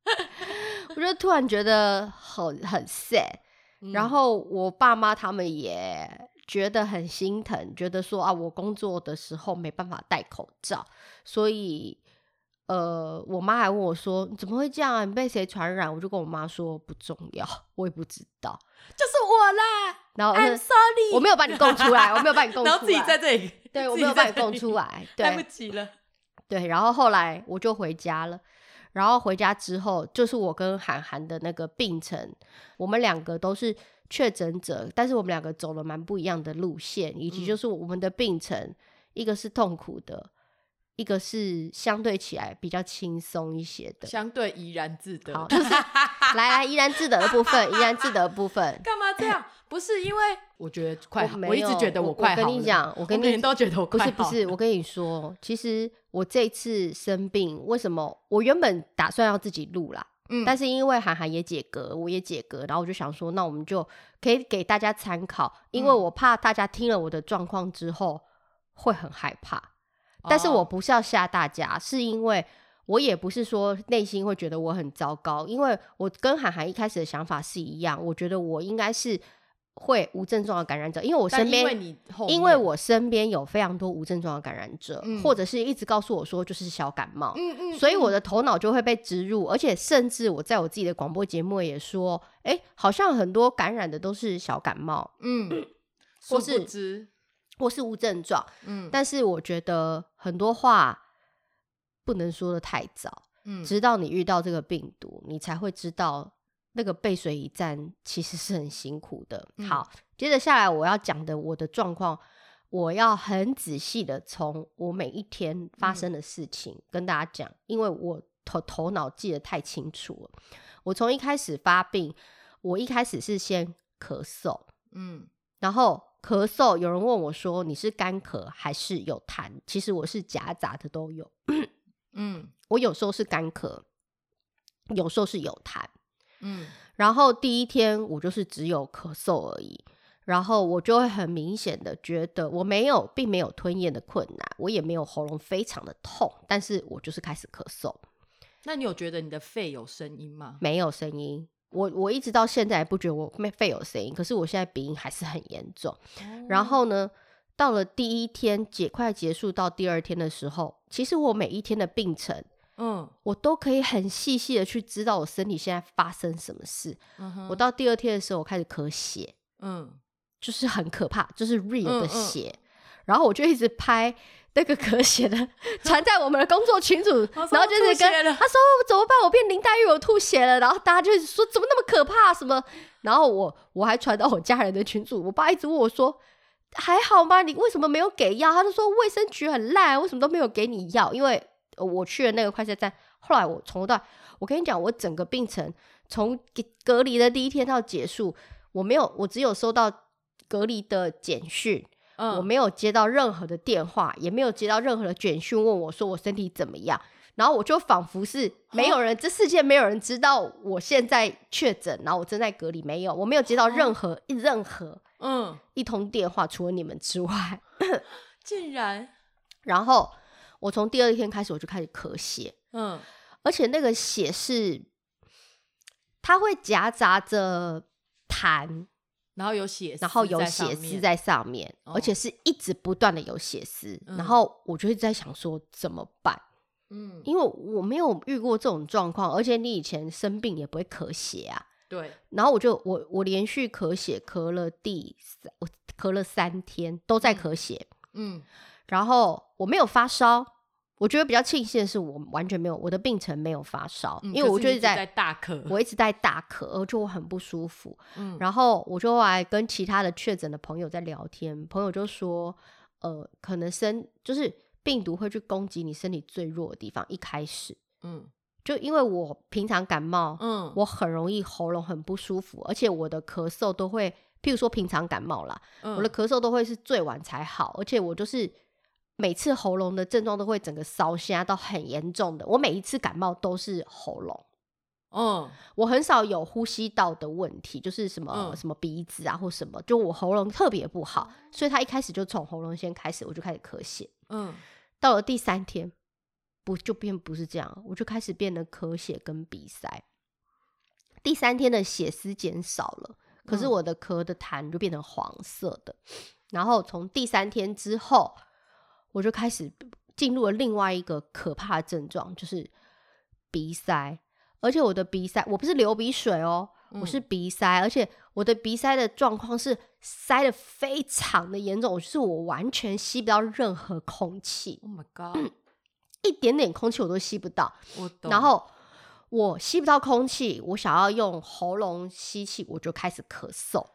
Speaker 1: 嗯、我就突然覺得很很 sad、嗯。然後我爸媽他們也覺得很心疼，覺得說啊，我工作的時候沒辦法戴口罩，所以呃，我媽還問我說：“你怎麼會這樣啊？你被誰傳染？”我就跟我媽說：“不重要，我也不知道，就是我啦。”然後我我沒有把你供出來，我沒有把你供出來。” [LAUGHS] 然後自己在這裡，對，我沒有把你供出來，對來不及了。對，然後後來我就回家了。然後回家之後，就是我跟涵涵的那個病程，我們兩個都是確診者，但是我們兩個走了蠻不一樣的路線，以及就是我們的病程，嗯、一個是痛苦的。一個是相對起來比較輕鬆一些的，相
Speaker 2: 對怡然自得，就是
Speaker 1: 來來怡然自得的部分，怡 [LAUGHS] 然自得的部分。
Speaker 2: 幹 [LAUGHS] 嘛這樣？不是因為我覺
Speaker 1: 得快好，我，沒有，我一直覺得我快好我。我跟你講，我跟你都覺得我快好。不是不是，我跟你說，其實我這次生病，為什麼我原本打算要自己錄啦？嗯，但是因為涵涵也解隔，我也解隔，然後我就想說，那我們就可以給大家參考，因為我怕大家聽了我的狀況之後，嗯，會很害怕。但是我不是要嚇大家，oh. 是因為我也不是說內心會覺得我很糟糕，因為我跟涵涵一開始的想法是一樣，我覺得我應該是會無症狀的感染者，因為我身邊你因為我身邊有非常多無症狀的感染者，嗯、或者是一直告訴我說就是小感冒，嗯嗯嗯嗯，所以我的頭腦就會被植入，而且甚至我在我自己的廣播節目也說，哎、欸，好像很多感染的都是小感冒，嗯，殊 [LAUGHS] 不知。或是無症狀，嗯，但是我覺得很多話不能說得太早，嗯，直到你遇到這個病毒，你才會知道那個背水一戰其實是很辛苦的。嗯，好，接着下來我要講的我的狀況，我要很仔細的從我每一天發生的事情，嗯，跟大家講，因為我頭頭腦記得太清楚了。我從一開始發病，我一開始是先咳嗽，嗯，然後。咳嗽，有人問我說：“你是乾咳還是有痰？”其實我是夾雜的都有。 [COUGHS] 嗯，我有時候是乾咳，有時候是有痰。嗯，然後第一天我就是只有咳嗽而已，然後我就會很明顯的覺得我沒有，並沒有吞嚥的困難，我也沒有喉嚨非常的痛，但是我就是開始咳嗽。
Speaker 2: 那你有覺得你的肺有聲音嗎？沒
Speaker 1: 有聲音。我我一直到現在也不覺得我肺有聲音，可是我現在鼻音還是很嚴重。嗯、然後呢，到了第一天，結，快結束到第二天的時候，其實我每一天的病程，嗯，我都可以很細細的去知道我身體現在發生什麼事。嗯哼。我到第二天的時候，我開始咳血，嗯，就是很可怕，就是 real 的血。嗯嗯。然後我就一直拍那個咳血的，傳在我們的工作群組， [LAUGHS] 然後就是跟我說我他說怎麼辦？我變林黛玉，我吐血了。然後大家就是說怎麼那麼可怕？什麼？然後我我還傳到我家人的群組，我爸一直問我說，還好嗎？你為什麼沒有給藥？他就說衛生局很爛，為什麼都沒有給你藥？因為我去了那個快篩站。後來我從頭到我跟你講，我整個病程從隔離的第一天到結束，我沒有，我只有收到隔離的簡訊。我沒有接到任何的電話，嗯、也沒有接到任何的簡訊，問我說我身體怎麼樣。然後我就仿佛是沒有人，哦、這世界沒有人知道我現在確診，然後我正在隔離，沒有，我沒有接到任何、哦、任何嗯一通電話，嗯、除了你們之外， [LAUGHS] 竟然。然後我從第二天開始我就開始咳血，嗯，而且那個血是它會夾雜着痰。然後有血，然後有血絲在上面，上面哦、而且是一直不斷的有血絲。嗯、然後我就一直在想說怎麼辦？嗯，因為我沒有遇過這種狀況，而且你以前生病也不會咳血啊。對。然後我就我我連續咳血咳了第三我咳了三天都在咳血，
Speaker 2: 嗯，
Speaker 1: 然後我沒有發燒。我覺得比較慶幸的是，我完全沒有我的病程沒有發燒，嗯、因為我就是在是就大咳，我一直在大咳，而且我很不舒服。嗯、然後我就後來跟其他的確診的朋友在聊天，朋友就說，呃，可能身就是病毒會去攻擊你身體最弱的地方。一開始，嗯，就因為我平常感冒，嗯，我很容易喉嚨很不舒服，而且我的咳嗽都會，譬如說平常感冒啦，嗯、我的咳嗽都會是最晚才好，而且我就是。每次喉嚨的症狀都會整個燒，啊，現在到很嚴重的。我每一次感冒都是喉嚨，嗯，我很少有呼吸道的問題，就是什麼、嗯、什麼鼻子啊或什麼，就我喉嚨特別不好，所以他一開始就從喉嚨先開始，我就開始咳血，嗯，到了第三天，不，就變不是這樣，我就開始變得咳血跟鼻塞。第三天的血絲減少了，可是我的咳的痰就變成黃色的，嗯、然後從第三天之後。我就開始進入了另外一個可怕的症狀，就是鼻塞，而且我的鼻塞，我不是流鼻水哦，嗯、我是鼻塞，而且我的鼻塞的狀況是塞得非常的嚴重，就是我完全吸不到任何空氣，Oh my God 嗯，一點點空氣我都吸不到，我懂然後我吸不到空氣，我想要用喉嚨吸氣，我就開始咳嗽。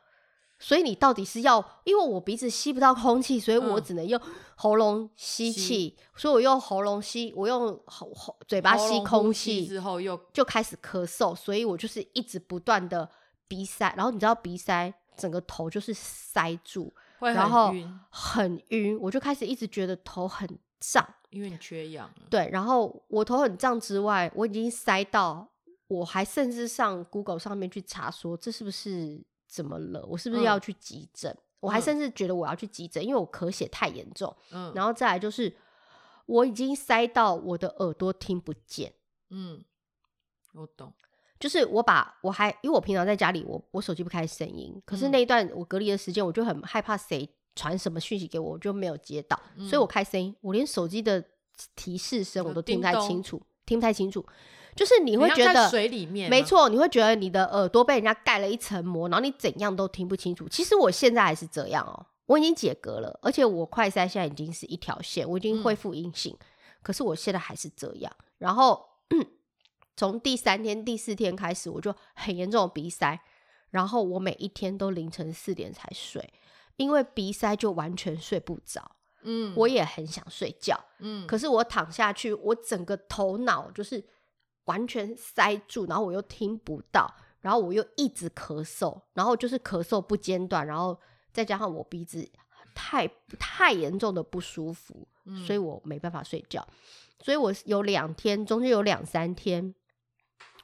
Speaker 1: 所以你到底是要？因為我鼻子吸不到空氣，所以我只能用喉嚨吸氣，嗯、吸。所以我用喉嚨吸，我用喉喉嘴巴吸空氣之後又就開始咳嗽，所以我就是一直不斷的鼻塞，然後你知道鼻塞整個頭就是塞住，會很暈，然後很暈，我就開始一直覺得頭很脹，因為你缺氧。對，然後我頭很脹之外，我已經塞到，我還甚至上 Google 上面去查說這是不是。怎麼了？我是不是要去急診？嗯，我還甚至覺得我要去急診，嗯，因為我咳血太嚴重。嗯，然後再來就是我已經塞到我的耳朵聽不見。嗯，我懂。就是我把我還因為我平常在家裡我，我我手機不開聲音。可是那一段我隔離的時間，我就很害怕誰傳什麼訊息給我，我就沒有接到。嗯，所以我開聲音，我連手機的提示聲我都聽不太清楚，聽不太清楚。就是你會覺得，沒錯，你會覺得你的耳朵被人家蓋了一層膜，然後你怎樣都聽不清楚。其實我現在還是這樣哦、喔，我已經解隔了，而且我快篩現在已經是一條線，我已經恢復陰性。可是我現在還是這樣。然後從第三天第四天開始，我就很嚴重的鼻塞，然後我每一天都凌晨四點才睡，因為鼻塞就完全睡不着。嗯，我也很想睡覺，嗯，可是我躺下去，我整個頭腦就是。完全塞住，然後我又聽不到，然後我又一直咳嗽，然後就是咳嗽不間斷，然後再加上我鼻子太太嚴重的不舒服，所以我沒辦法睡覺，嗯，所以我有兩天，中間有兩三天，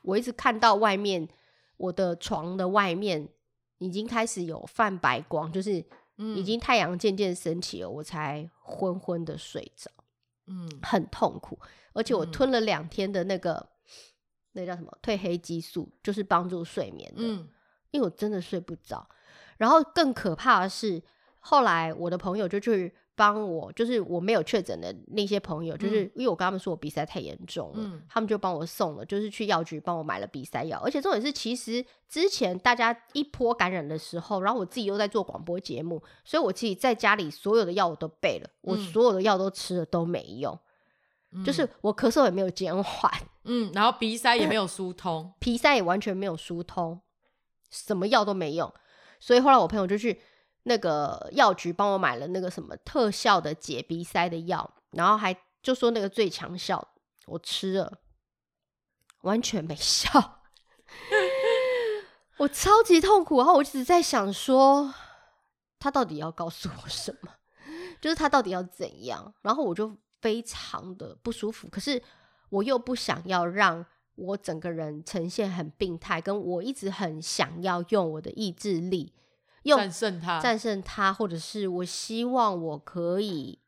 Speaker 1: 我一直看到外面，我的床的外面已經開始有泛白光，就是已經太陽漸漸升起了，我才昏昏的睡着，嗯，很痛苦，而且我吞了兩天的那個。那叫什麼褪黑激素？就是幫助睡眠的。因為我真的睡不着。然後更可怕的是，後來我的朋友就去幫我，就是我沒有確診的那些朋友，就是因為我跟他們說我鼻塞太嚴重了，他們就幫我送了，就是去藥局幫我買了鼻塞藥。而且重點是，其實之前大家一波感染的時候，然後我自己又在做廣播節目，所以我自己在家裡所有的藥我都備了，我所有的藥都吃了都沒用。就是我咳嗽也沒有減緩，
Speaker 2: 嗯，嗯然後鼻塞也沒有疏通，
Speaker 1: 呃，鼻塞也完全沒有疏通，什麼藥都沒用，所以後來我朋友就去那個藥局幫我買了那個什麼特效的解鼻塞的藥，然後還就說那個最強效，我吃了完全沒效， [LAUGHS] [LAUGHS] 我超級痛苦，然後我一直在想說他到底要告訴我什麼， [LAUGHS] 就是他到底要怎樣，然後我就。非常的不舒服，可是我又不想要讓我整個人呈現很病態，跟我一直很想要用我的意志力，用
Speaker 2: 戰勝它，戰
Speaker 1: 勝它，或者是我希望我可以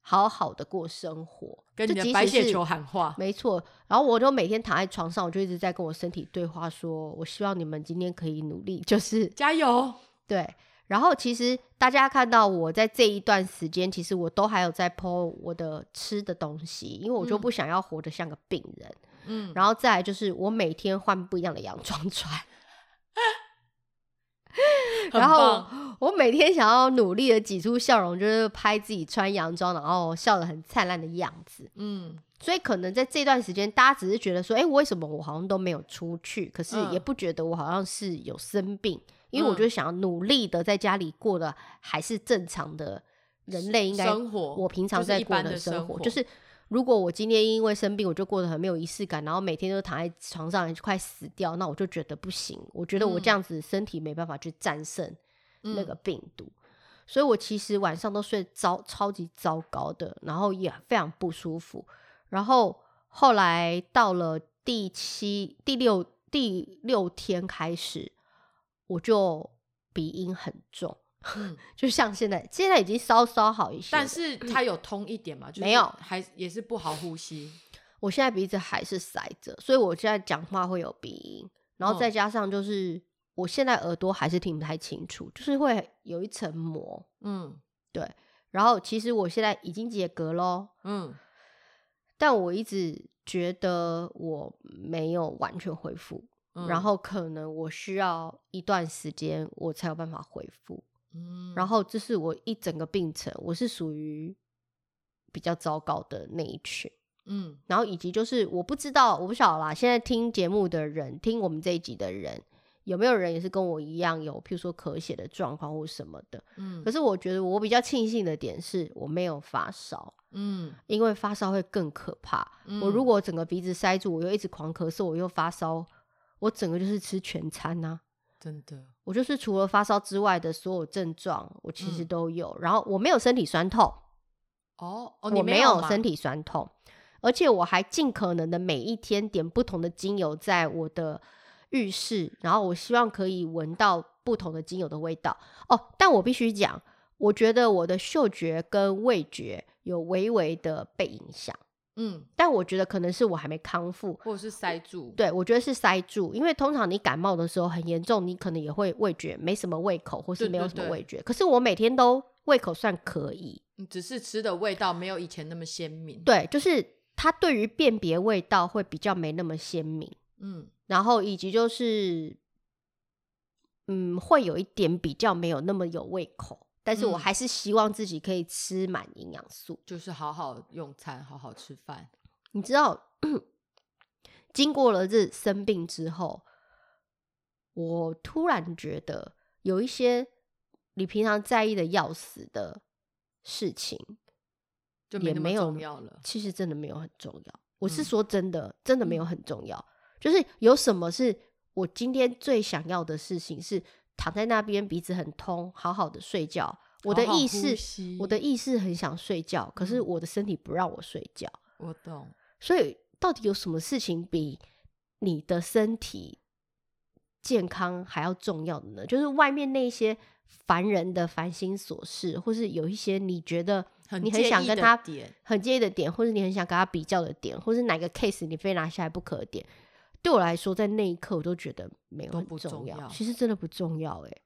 Speaker 1: 好好的過生活，跟你的白血球喊話，沒錯。然後我就每天躺在床上，我就一直在跟我身體對話說，說我希望你們今天可以努力，就是加油，對。然後其實大家看到我在這一段時間，其實我都還有在 PO 我的吃的東西，因為我就不想要活得像個病人嗯。嗯，然後再來就是我每天換不一樣的洋裝穿，然後我每天想要努力的擠出笑容，就是拍自己穿洋裝，然後笑得很燦爛的樣子。嗯，所以可能在這段時間，大家只是覺得說，哎，為什麼我好像都沒有出去，可是也不覺得我好像是有生病。嗯。因為我就想要努力的在家裡過的還是正常的人類應該生活，我平常在過的生活就是，如果我今天因為生病我就過得很沒有儀式感，然後每天都躺在床上快死掉，那我就覺得不行，我覺得我這樣子身體沒辦法去戰勝那個病毒，所以我其實晚上都睡糟超級糟糕的，然後也非常不舒服，然後後來到了第七、第六、第六天開始。我就鼻音很重，嗯、 [LAUGHS] 就像現在現在已經稍稍好一些，但是
Speaker 2: 它有通一點嘛？沒有、嗯，還也是不好呼
Speaker 1: 吸。我現在鼻子還是塞着，所以我現在講話會有鼻音，然後再加上就是我現在耳朵還是聽不太清楚，嗯、就是會有一層膜。嗯，對。然後其實我現在已經解隔嘍，嗯，但我一直覺得我沒有完全恢復。嗯、然後可能我需要一段時間，我才有辦法恢復。嗯、然後這是我一整個病程，我是屬於比較糟糕的那一群。嗯，然後以及就是我不知道，我不曉得啦，現在聽節目的人，聽我們這一集的人，有沒有人也是跟我一樣有，譬如說咳血的狀況或什麼的。嗯，可是我覺得我比較慶幸的點是我沒有發燒。嗯，因為發燒會更可怕。嗯、我如果整個鼻子塞住，我又一直狂咳嗽，我又發燒。我整個就是吃全餐啊，
Speaker 2: 真的。
Speaker 1: 我就是除了發燒之外的所有症狀，我其實都有。然後我沒有身體酸痛，
Speaker 2: 哦，我沒有身體
Speaker 1: 酸痛，而且我還盡可能的每一天點不同的精油在我的浴室，然後我希望可以聞到不同的精油的味道。哦，但我必須講，我覺得我的嗅覺跟味覺有微微的被影響。嗯，但我覺得可能是我還沒康復，
Speaker 2: 或者是塞住。對，
Speaker 1: 我覺得是塞住，因為通常你感冒的時候很嚴重，你可能也會味覺沒什麼胃口，或是沒有什麼味覺。對對對，可是我每天都胃口算可以，
Speaker 2: 只是吃的味道沒有以前那麼鮮明。
Speaker 1: 對，就是它對於辨別味道會比較沒那麼鮮明。嗯，然後以及就是，嗯，會有一點比較沒有那麼有胃口。但是我還是希望自己可以吃滿營養素，嗯，就是好好用餐，好好吃飯。你知道， [COUGHS] 經過了這生病之後，我突然覺得有一些你平常在意的要死的事情也，就沒有，其實真的沒有很重要。我是說真的，嗯，真的沒有很重要。就是有什麼是我今天最想要的事情是？躺在那邊，鼻子很通，好好的睡覺。我的意識，好好呼吸，我的意識很想睡覺，嗯、可是我的身體不讓我睡覺。我懂。所以，到底有什麼事情比你的身體健康還要重要的呢？就是外面那些煩人的煩心瑣事，或是有一些你覺得你很想跟他很介，很介意的點，或是你很想跟他比較的點，或是哪個 case 你非拿下來不可點。對我來說，在那一刻我都覺得沒有很重要，都不重要，其實真的不重要，哎、欸，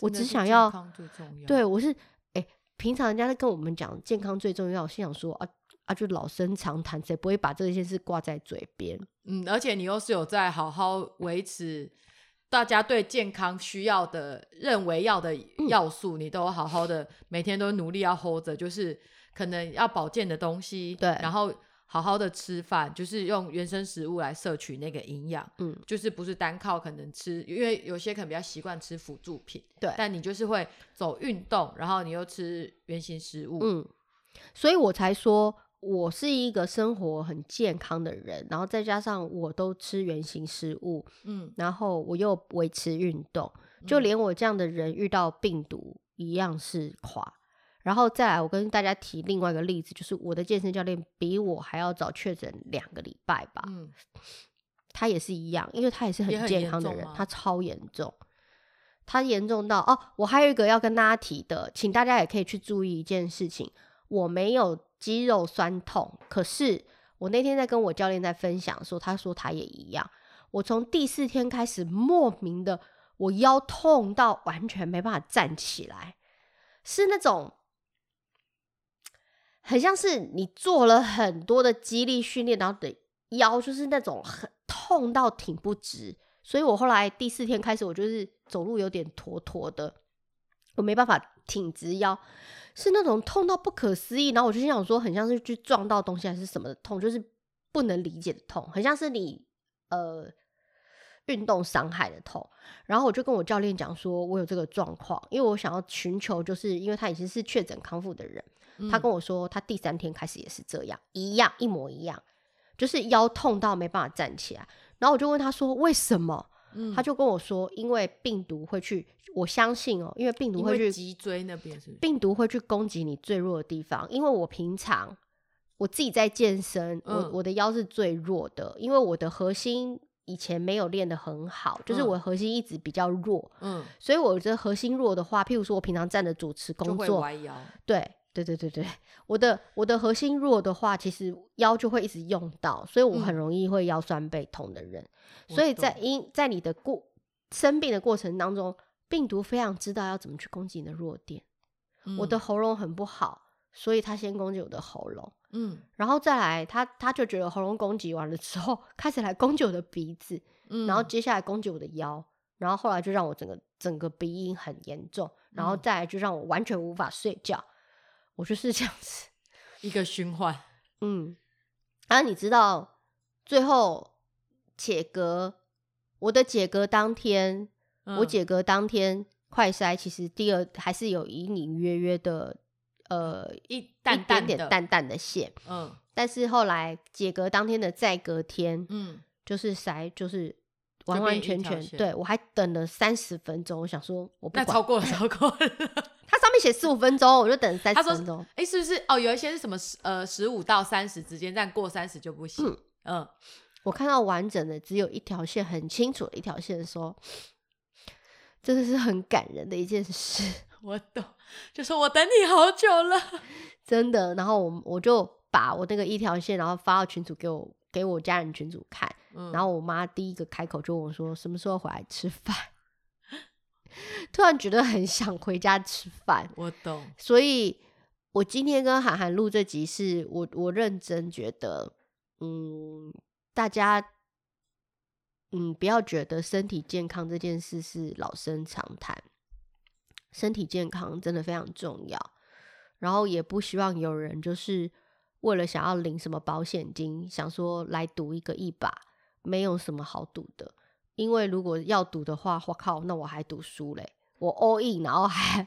Speaker 1: 我只想要健康最重要。我要對我是哎、欸，平常人家在跟我們講健康最重要，我心想說啊啊，就老生常談，誰不會把這些事掛在嘴邊？
Speaker 2: 嗯，而且你又是有在好好維持，大家對健康需要的、認為要的要素，嗯、你都好好的，每天都努力要 hold 着，就是可能要保健的東西，對，然後。好好的吃飯，就是用原生食物來攝取那個營養，嗯，就是不是單靠可能吃，因為有些可能比較習慣吃輔助品，對，但你就是會走運動，然後你又吃原型食物，嗯，
Speaker 1: 所以我才說我是一個生活很健康的人，然後再加上我都吃原型食物，嗯，然後我又維持運動，嗯，就連我這樣的人遇到病毒一樣是垮。然後再來，我跟大家提另外一個例子，就是我的健身教練比我還要早確診兩個禮拜吧。嗯，他也是一樣，因為他也是很健康的人，啊、他超嚴重，他嚴重到哦。我還有一個要跟大家提的，請大家也可以去注意一件事情。我沒有肌肉酸痛，可是我那天在跟我教練在分享的時候，他說他也一樣。我從第四天開始，莫名的我腰痛到完全沒辦法站起來，是那種。很像是你做了很多的肌力訓練，然後的腰就是那種很痛到挺不直，所以我後來第四天開始，我就是走路有點駝駝的，我沒辦法挺直腰，是那種痛到不可思議。然後我就心想說，很像是去撞到東西還是什麼的痛，就是不能理解的痛，很像是你呃運動傷害的痛。然後我就跟我教練講說，我有這個狀況，因為我想要尋求，就是因為他已經是確診康復的人。他跟我說，他第三天開始也是這樣，嗯、一樣一模一樣，就是腰痛到沒辦法站起來。然後我就問他說：“為什麼？”嗯、他就跟我說：“因為病毒會去，我相信哦、喔，因為病毒會去脊
Speaker 2: 椎那邊，
Speaker 1: 病毒會去攻擊你最弱的地方。因為我平常我自己在健身，我、嗯、我的腰是最弱的，因為我的核心以前沒有練得很好，就是我核心一直比較弱。嗯，所以我覺得核心弱的話，譬如說我平常站着主持工作，就會彎腰。對。對對對對，我的我的核心弱的話，其實腰就會一直用到，所以我很容易會腰酸背痛的人。嗯、所以在因在你的過生病的過程當中，病毒非常知道要怎麼去攻擊你的弱點。嗯、我的喉嚨很不好，所以他先攻擊我的喉嚨，嗯，然後再來他他就覺得喉嚨攻擊完了之後，開始來攻擊我的鼻子，嗯、然後接下來攻擊我的腰，然後後來就讓我整個整個鼻音很嚴重，然後再來就讓我完全無法睡覺。嗯我就是這樣子， [LAUGHS] 一個循環。嗯，啊，你知道，最後解隔，我的解隔當天，嗯、我解隔當天快篩，其實第二還是有隱隱約約的，呃，一一點點淡淡的線。嗯，但是後來解隔當天的再隔天，嗯，就是篩，就是完完全全，對我還等了三十分鐘，我想說，我不管，那超過了，超過了。 [LAUGHS] 寫四五分鐘，我就等三十分鐘。
Speaker 2: 哎、欸，是不是？哦，有一些是什麼十，呃，十五到三十之間，但過三
Speaker 1: 十就不行。嗯，嗯，我看到完整的只有一條線，很清楚的一條線，說，說真的是很感人的一件事。我懂，
Speaker 2: 就說我等你好久了，
Speaker 1: 真的。然後我我就把我那個一條線，然後發到群組給我給我家人群組看。嗯、然後我媽第一個開口就問我說什麼時候回來吃飯。 [LAUGHS] 突然覺得很想回家吃飯，我懂。所以，我今天跟涵涵錄這集是，是我我認真覺得，嗯，大家，嗯，不要覺得身體健康這件事是老生常談，身體健康真的非常重要。然後，也不希望有人就是為了想要領什麼保險金，想說來賭一個一把，沒有什麼好賭的。因為如果要賭的話，我靠，那我還賭輸嘞！我 all in，然後還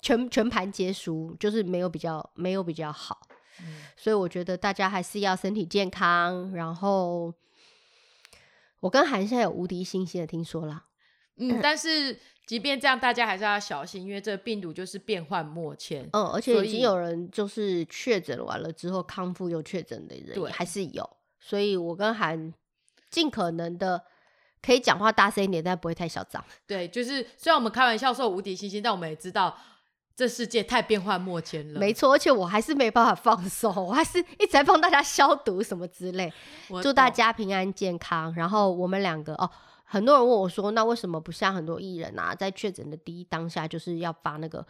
Speaker 1: 全全盤皆輸，就是沒有比較，沒有比較好。嗯、所以我覺得大家還是要身體健康。然後我跟韓現在有無敵星星的聽說了，嗯， [COUGHS] 但
Speaker 2: 是即便這樣，大家還是要小心，因為這個病毒就是變幻莫測。嗯，而且已經有
Speaker 1: 人就是確診完了之後以康復又確診的人還是有，對所以我跟韓盡可能的。可以講話大聲一點，但不會太囂張。
Speaker 2: 對，就是雖然我們開玩笑說無敵星星，但我們也知道這世界太變幻莫測了。沒
Speaker 1: 錯，而且我還是沒辦法放手，我還是一直在幫大家消毒什麼之類，懂祝大家平安健康。然後我們兩個哦，很多人問我說，那為什麼不像很多藝人啊，在確診的第一當下就是要發那個？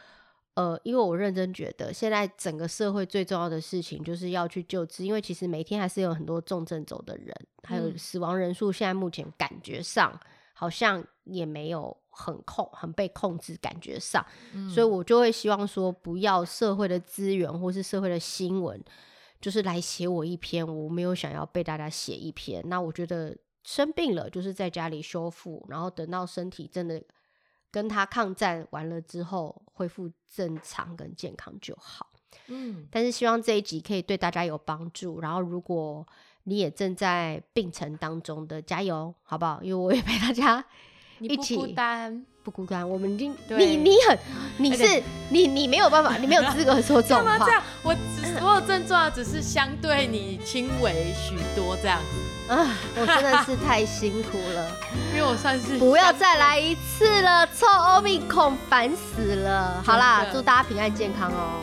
Speaker 1: 呃，因為我認真覺得，現在整個社會最重要的事情就是要去救治，因為其實每天還是有很多重症走的人，還有死亡人數，現在目前感覺上好像也沒有很控、很被控制，感覺上，嗯、所以我就會希望說，不要社會的資源或是社會的新聞，就是來寫我一篇，我沒有想要被大家寫一篇。那我覺得生病了，就是在家裡修復，然後等到身體真的。跟他抗戰完了之後恢復正常跟健康就好，嗯，但是希望這一集可以對大家有幫助。然後如果你也正在病程當中的，加油，好不好？因為我也陪大家一起，你不孤單，不孤單。我們已經，對你你很，你是 Okay 你你沒有辦法， [LAUGHS] 你沒有資格說這種話。幹嘛這樣？
Speaker 2: 我只所有症狀只是相對你輕
Speaker 1: 微許多這樣子。啊，我真的是太辛苦了， [LAUGHS] 因為我算是不要再來一次了，臭歐米孔，煩死了。的好啦，祝大家平安健康哦。